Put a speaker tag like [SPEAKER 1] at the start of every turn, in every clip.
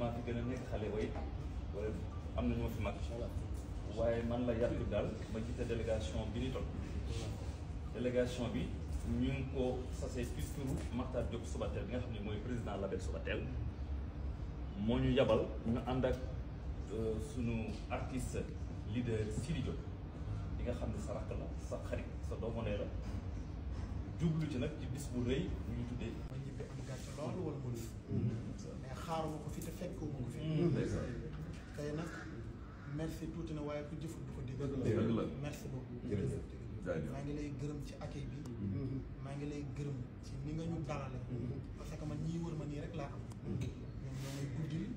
[SPEAKER 1] maa fi gën a nekk xale way am na ñoo fi mag waaye man la yar daal ma jiite délégation bi ni toll délégation bi ñu ngi ko sasee ci turu Makhtar Diop Soubatel nga xam ne mooy président label Soubatel moo ñu yabal ñu ànd ak euh, sunu artiste leader Sidi Diop li nga xam ne sa rakk la sa xarit sa doomu ndey la jublu ci nag ci bis bu rëy bu ñu tuddee. ma ñibbi am gàcce lool wala mu mm-hmm.
[SPEAKER 2] mais xaaruma ko fi te fekkoo ma ko fi. Mm-hmm. tey nag merci tuuti na waaye ku jëfut du ko dégg. la merci maa ngi lay gërëm ci accueil mm-hmm. maa ngi lay gërëm ci ni nga ñu dalale. parce que man ñii wër ma nii rek laa am. ñoom ñoo may guddil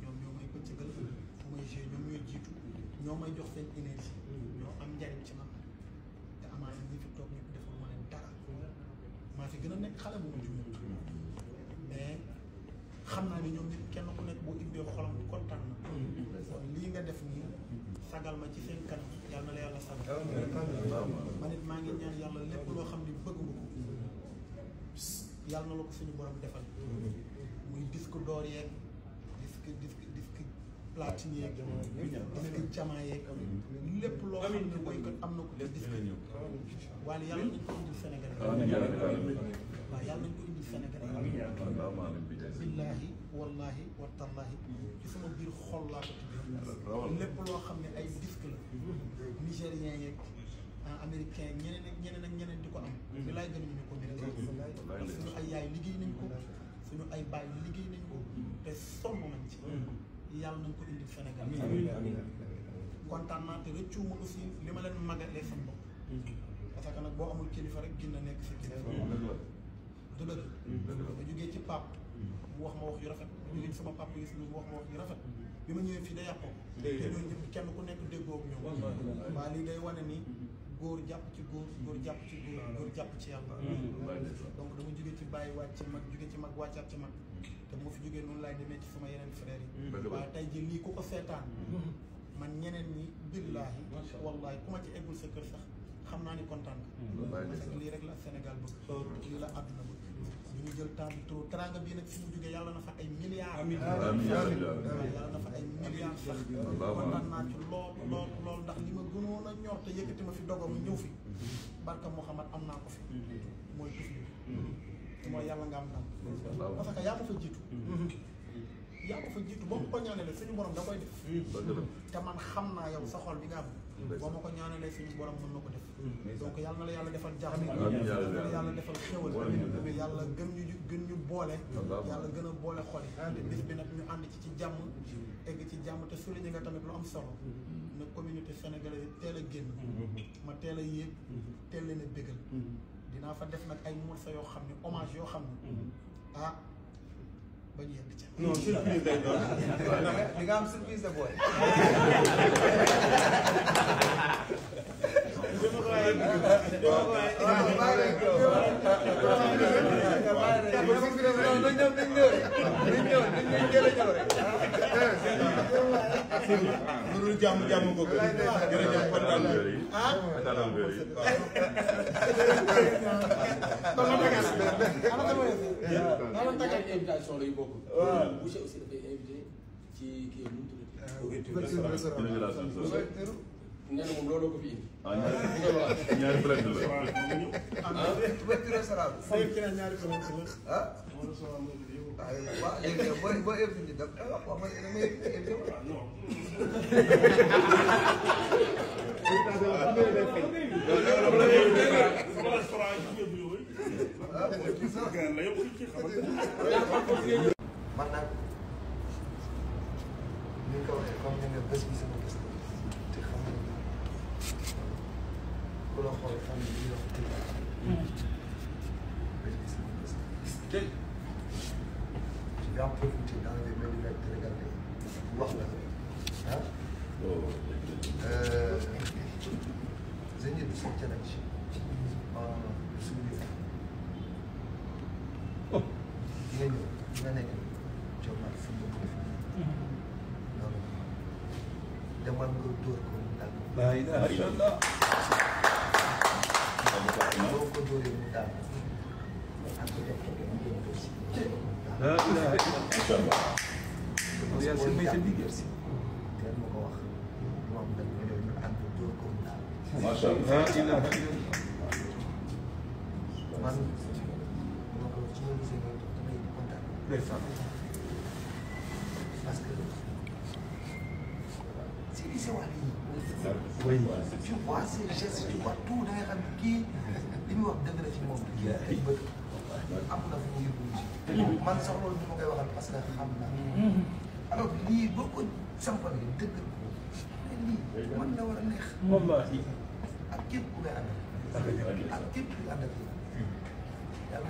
[SPEAKER 2] ñoom ñoo may jiitu ñoo may jox seen énergie. ñoo am njariñ ci man te amaana ñi fi toog ñëpp def maa si gën a nekk xale bu ma jumee mais xam naa ni ñoom nit kenn ku nekk boo indee xolam kontaan na lii nga def nii sagal ma ci seen kanam yàlla na la yàlla sagal man it maa ngi ñaan yàlla lépp loo xam ni bëgg nga ko yàlla na la ko suñu borom defal muy disque d'or yeeg disque disque disque platine yeeg disque diamant yeeg amiin ne boycott am na ko. lépp dina ñëw waaye yàlla nañ ko indil Sénégal. amiin yàlla nañ ko indil waaw yàlla nañ ko indil Sénégal. billaahi wallaahi wa tallaahi ci sama biir xol laa ko tuddee. lépp loo xam ne ay disque la. nigérien yeeg américain yeeg ñeneen ak ñeneen ak ñeneen di ko am. bi laay gën a ñu ko mérité. suñu ay yaay liggéey nañ ko. suñu ay baay liggéey nañ ko. te sonn nañ ci. yàlla nañ ko indil Sénégal. kontaan naa te rëccuuma aussi li ma leen màggalee sama bopp. parce que nag boo amul kilifa rek gën na nekk si kilifa. du dëgg. ma jógee ci pap mu wax ma wax yu rafet. mu sama pap yi mu wax ma wax yu rafet. ma ñëwee fii day kenn ku nekk déggoo ak ñoom. waa lii day wane ni. góor jàpp ci góor góor jàpp ci góor góor jàpp ci yàlla donc dama jóge ci bàyyi wàcc mag jóge ci mag wàccaat ci mag mm. te moo fi jógee noonu laay demee ci suma yeneen frères yi waaye tey ji lii ku ko seetaan mm. man ñeneen ñi billaahi wallaahi ku ma ci eggul sa kër sax xam naa ni kontaan nga mm. parce que lii rek la Sénégal bëgg lii la àdduna bëgg ñu ngi jël temps bi trop teranga bii nag fi mu jógee yàlla na fa ay milliards yàlla na fa ay milliards sax kontaan naa ci lool lool lool ndax li ma gënoon a ñor te yëkkati ma fi dogamu ñëw fi mm-hmm. barka Mouhamad am naa ko fi mm-hmm. mooy tuf mm-hmm. mooy yàlla nga am ndam parce que fa jiitu yaa ko fa jiitu boo ma ko ñaanalee suñu borom da koy def. te man xam naa yow sa xol bi nga am. boo ma ko ñaanalee suñu borom mën na ko def. donc yal na la yàlla defal jaaxle. amiin yàlla na la yàlla defal xéwal. yàlla gën ñu gën ñu boole. yàlla gën a boole xol yi. bis bi nag ñu ànd ci ci jàmm. egg ci jàmm te souligné nga tamit lu am solo. na communauté sénégalaise teel a génn. ma teel a yéeg. teel leen a bégal. dinaa fa def nag ay morceaux yoo xam ne hommage yoo xam ne. ah. ba ñu yegg ca. non surprise day doon. di nga am surprise de booy. jërëjëf maanaam tàggat invitation la yu bokkul. boucher aussi dafay invité ci kii nu mu tuddati. nee na moom loolu
[SPEAKER 1] ko fi indi. ah ñaari ñaari plainte la. ah bëri restaurant bi. foofu ci la ñaari plainte la.
[SPEAKER 3] ah. waaw léegi nag boo boo invité daf wax ma damay invité. keneen la yow ci xamante ne. man nag ni nga ko waxee comme ni nga bés bi sama gis la te xam nga ku la xool xam ne lii wax dëgg bés bi sama gis la. yaa profité dans les médias télégalais wax la ah. zan yi dusan challenge a souvenir nga nekk Diomaye fi mu def nii. loolu demal nga dóor ko mu daal. laa ilaaha illallaah. boo ko dóoree mu daal. ak ko def ko mu dóor ko si. laa ilaaha illallaah.
[SPEAKER 1] parce que yaa ngi
[SPEAKER 3] si teel ma ko wax. moom dañ ko doon ànd dóor ko mu daal. macha allah. man. ndeysaan parce que si li si wàll yi tu vois ces gestes tu vois tout da nga xam ne kii li muy wax dëgg la ci moom kii ay bët am na fu muy yóbbu man sax loolu du ma koy waxal parce que xam naa alors lii boo ko sampal dëgg lii man la war a neex. moom ak képp ku ngay àndal ak képp ku ngay àndal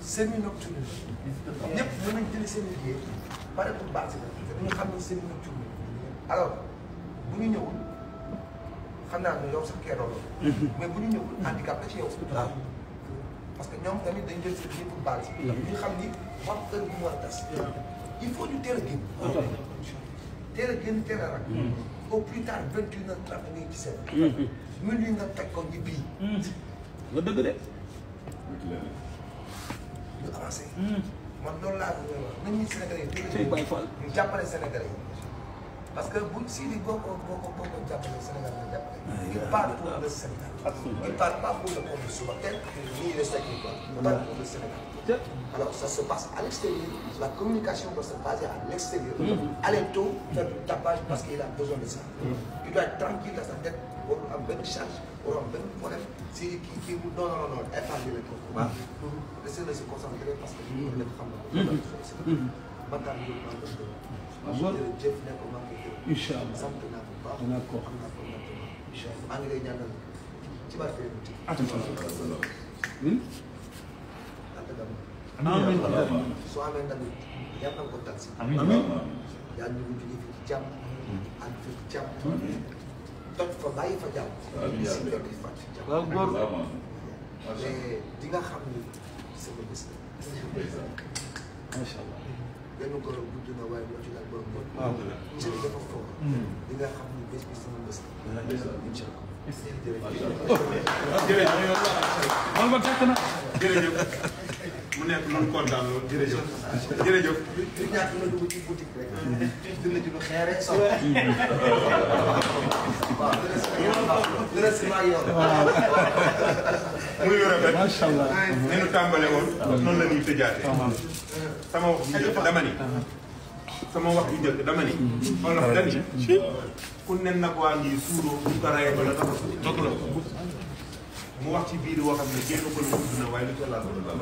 [SPEAKER 3] seminocturno. Yep, nous maintenons ces milliers. Par exemple, base, nous avons seminocturno. Alors, bu ñu ñëwul xam naa não yow sax keroog la. mais bu ñu ñëwul handicap la ci yow. waaw parce que ñoom tamit dañ jël seen yëpp base. ñu xam ni waxtu bu mu war a tas. il faut ñu teel a génn. teel a génn teel a rak. au plus tard vingt et une heures trente ngay ci seen. mën nga teg ko ñu bii. nga avancé. man loolu laa ko wax nañ ñu Sénégalais yi. tey ñu jàppale Sénégalais yi. parce que si les gens ko Sénégal ils ne il parle pour le Sénégal. il parle pas pour le compte ni le Sénégal. il parle pour le Sénégal. alors ça se passe à l'extérieur. la communication doit se passer à l'extérieur. Mm. Allez tôt faire du tapage parce qu'il a besoin de ça. Mm. il doit être tranquille dans sa tête pour une bonne charge pour un bon problème si qui donne mu non non non elle le de waaw pour essayer de se concentrer parce que. il xam mm. na maanaam yow maa ngi koy wax. jërëjëf ne ko maa ngi koy wax. incha allah sant naa ko bu baax am naa ko am naa ko incha allah maa ngi lay ñaanal ci barke bi. amiin soo amee ndam it yàlla na ko tax. amiin yàlla ñu ngi jógee fii ci jàmm. ak fii ci jàmm. toj fa bàyyi fa jàmm. amiin si lépp fa ci jàmm. waaw góor di nga xam ni sama bés la. macha allah. benn góor gudd na waaye moo ci laaj borom borom. waaw Serigne dafa foog.
[SPEAKER 1] li nga xam mu nekk lu mu kontaan loolu jërëjëf. jërëjëf. du ñàkk nga dugg ci boutique rek. dina ci lu xeere soxla. waaw dina si ma yow. muy lu rafet. macha allah ni ñu tàmbale woon. noonu la ñuy tëjaate. sama wax bu njëkk dama ni. sama wax bu njëkk dama ni. olof dani. ku nen nag waa ngi suuroo bu ko rayee ba la tax a mu wax ci biir woo xam ne génn ko ne gudd na waaye lu ca laal gudd la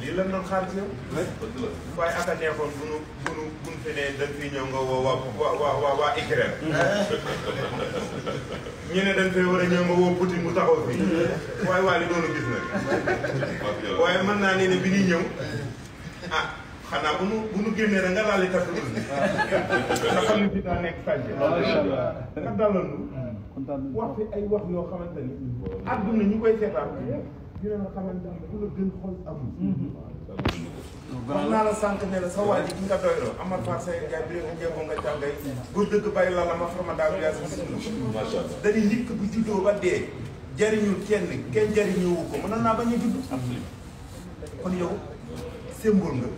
[SPEAKER 1] lii lan doon xaar ci yow. aka neexoon bu nu bu nu bu nu fi ne da nga fi ñëw nga woo ñu ne da nga fee war a mu taxaw fii. waaye waa gis na. waaye mën naa ne ne bi ñuy ñëw ah. xanaa bu nu bu nu génnee rek nga laal li tax a dund. nga allah nga dalal nu. wax fi ay wax yoo xamante ni. adduna ñu koy seetaan. dina nga xamante ni ku la gën xol amul.
[SPEAKER 3] wax
[SPEAKER 1] ne la sa waa ji nga doyloo Amar Fall Seye Ngaye bu dëgg bàyyi la la ma farma bi yàlla si macha allah dañuy bu juddoo ba dee. jariñul kenn kenn jariñoowu ko mënoon naa bañ a judd. kon yow symbole nga.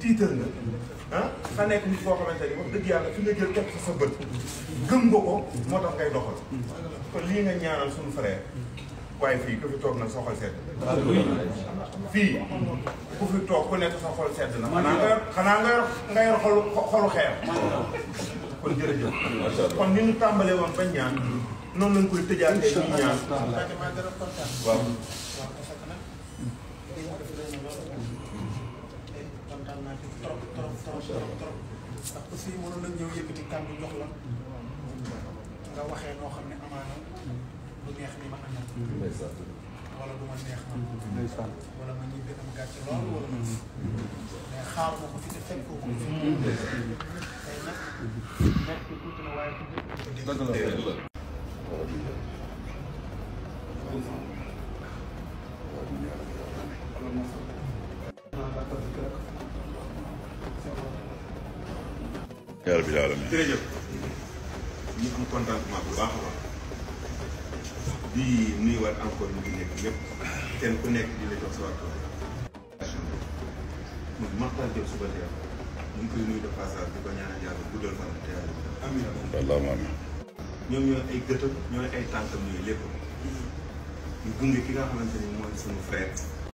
[SPEAKER 1] tiital nga ah. xa nekk nit boo xamante ni wax dëgg yàlla fi nga jël teg sa sa bët gëm nga ko moo tax ngay doxal kon lii nga ñaanal suñu frère waaye fii ku fi toog nag sa sedd fii ku fi toog ku na xanaa nga yor xanaa nga yor nga yor xolu xolu xeer kon ni ñu tàmbalee woon bañ ñaan noonu lañ koy tëjaatee
[SPEAKER 3] ñuy ñaan nañu trop trop trop trop trop ndax aussi mënoon nañ ñëw
[SPEAKER 1] yëkkati kàddu jox la nga waxee noo xam ne amaana du neex ni ma àndal wala du ma neex man wala ma ñuy gën am gàcce lool wala ma mais xaar ma ko fi te fekk ko ko
[SPEAKER 3] tey nag nekk tuuti na waaye dëgg la
[SPEAKER 2] rabbil alamin
[SPEAKER 1] jërëjëf ñu am contentement bu baax a baax di nuyuwaat encore ñu ngi nekk ñëpp kenn ku nekk di la jox sa waxtu moom Makhtar Diop suba teel ñu koy nuyu de passage di ko ñaanal yàlla guddal fan te yàlla amiin allahumma amiin ñoom ñooy ay gëtëm ñooy ay tànkam ñooy lépp ñu gunge ki nga xamante ni mooy sunu frère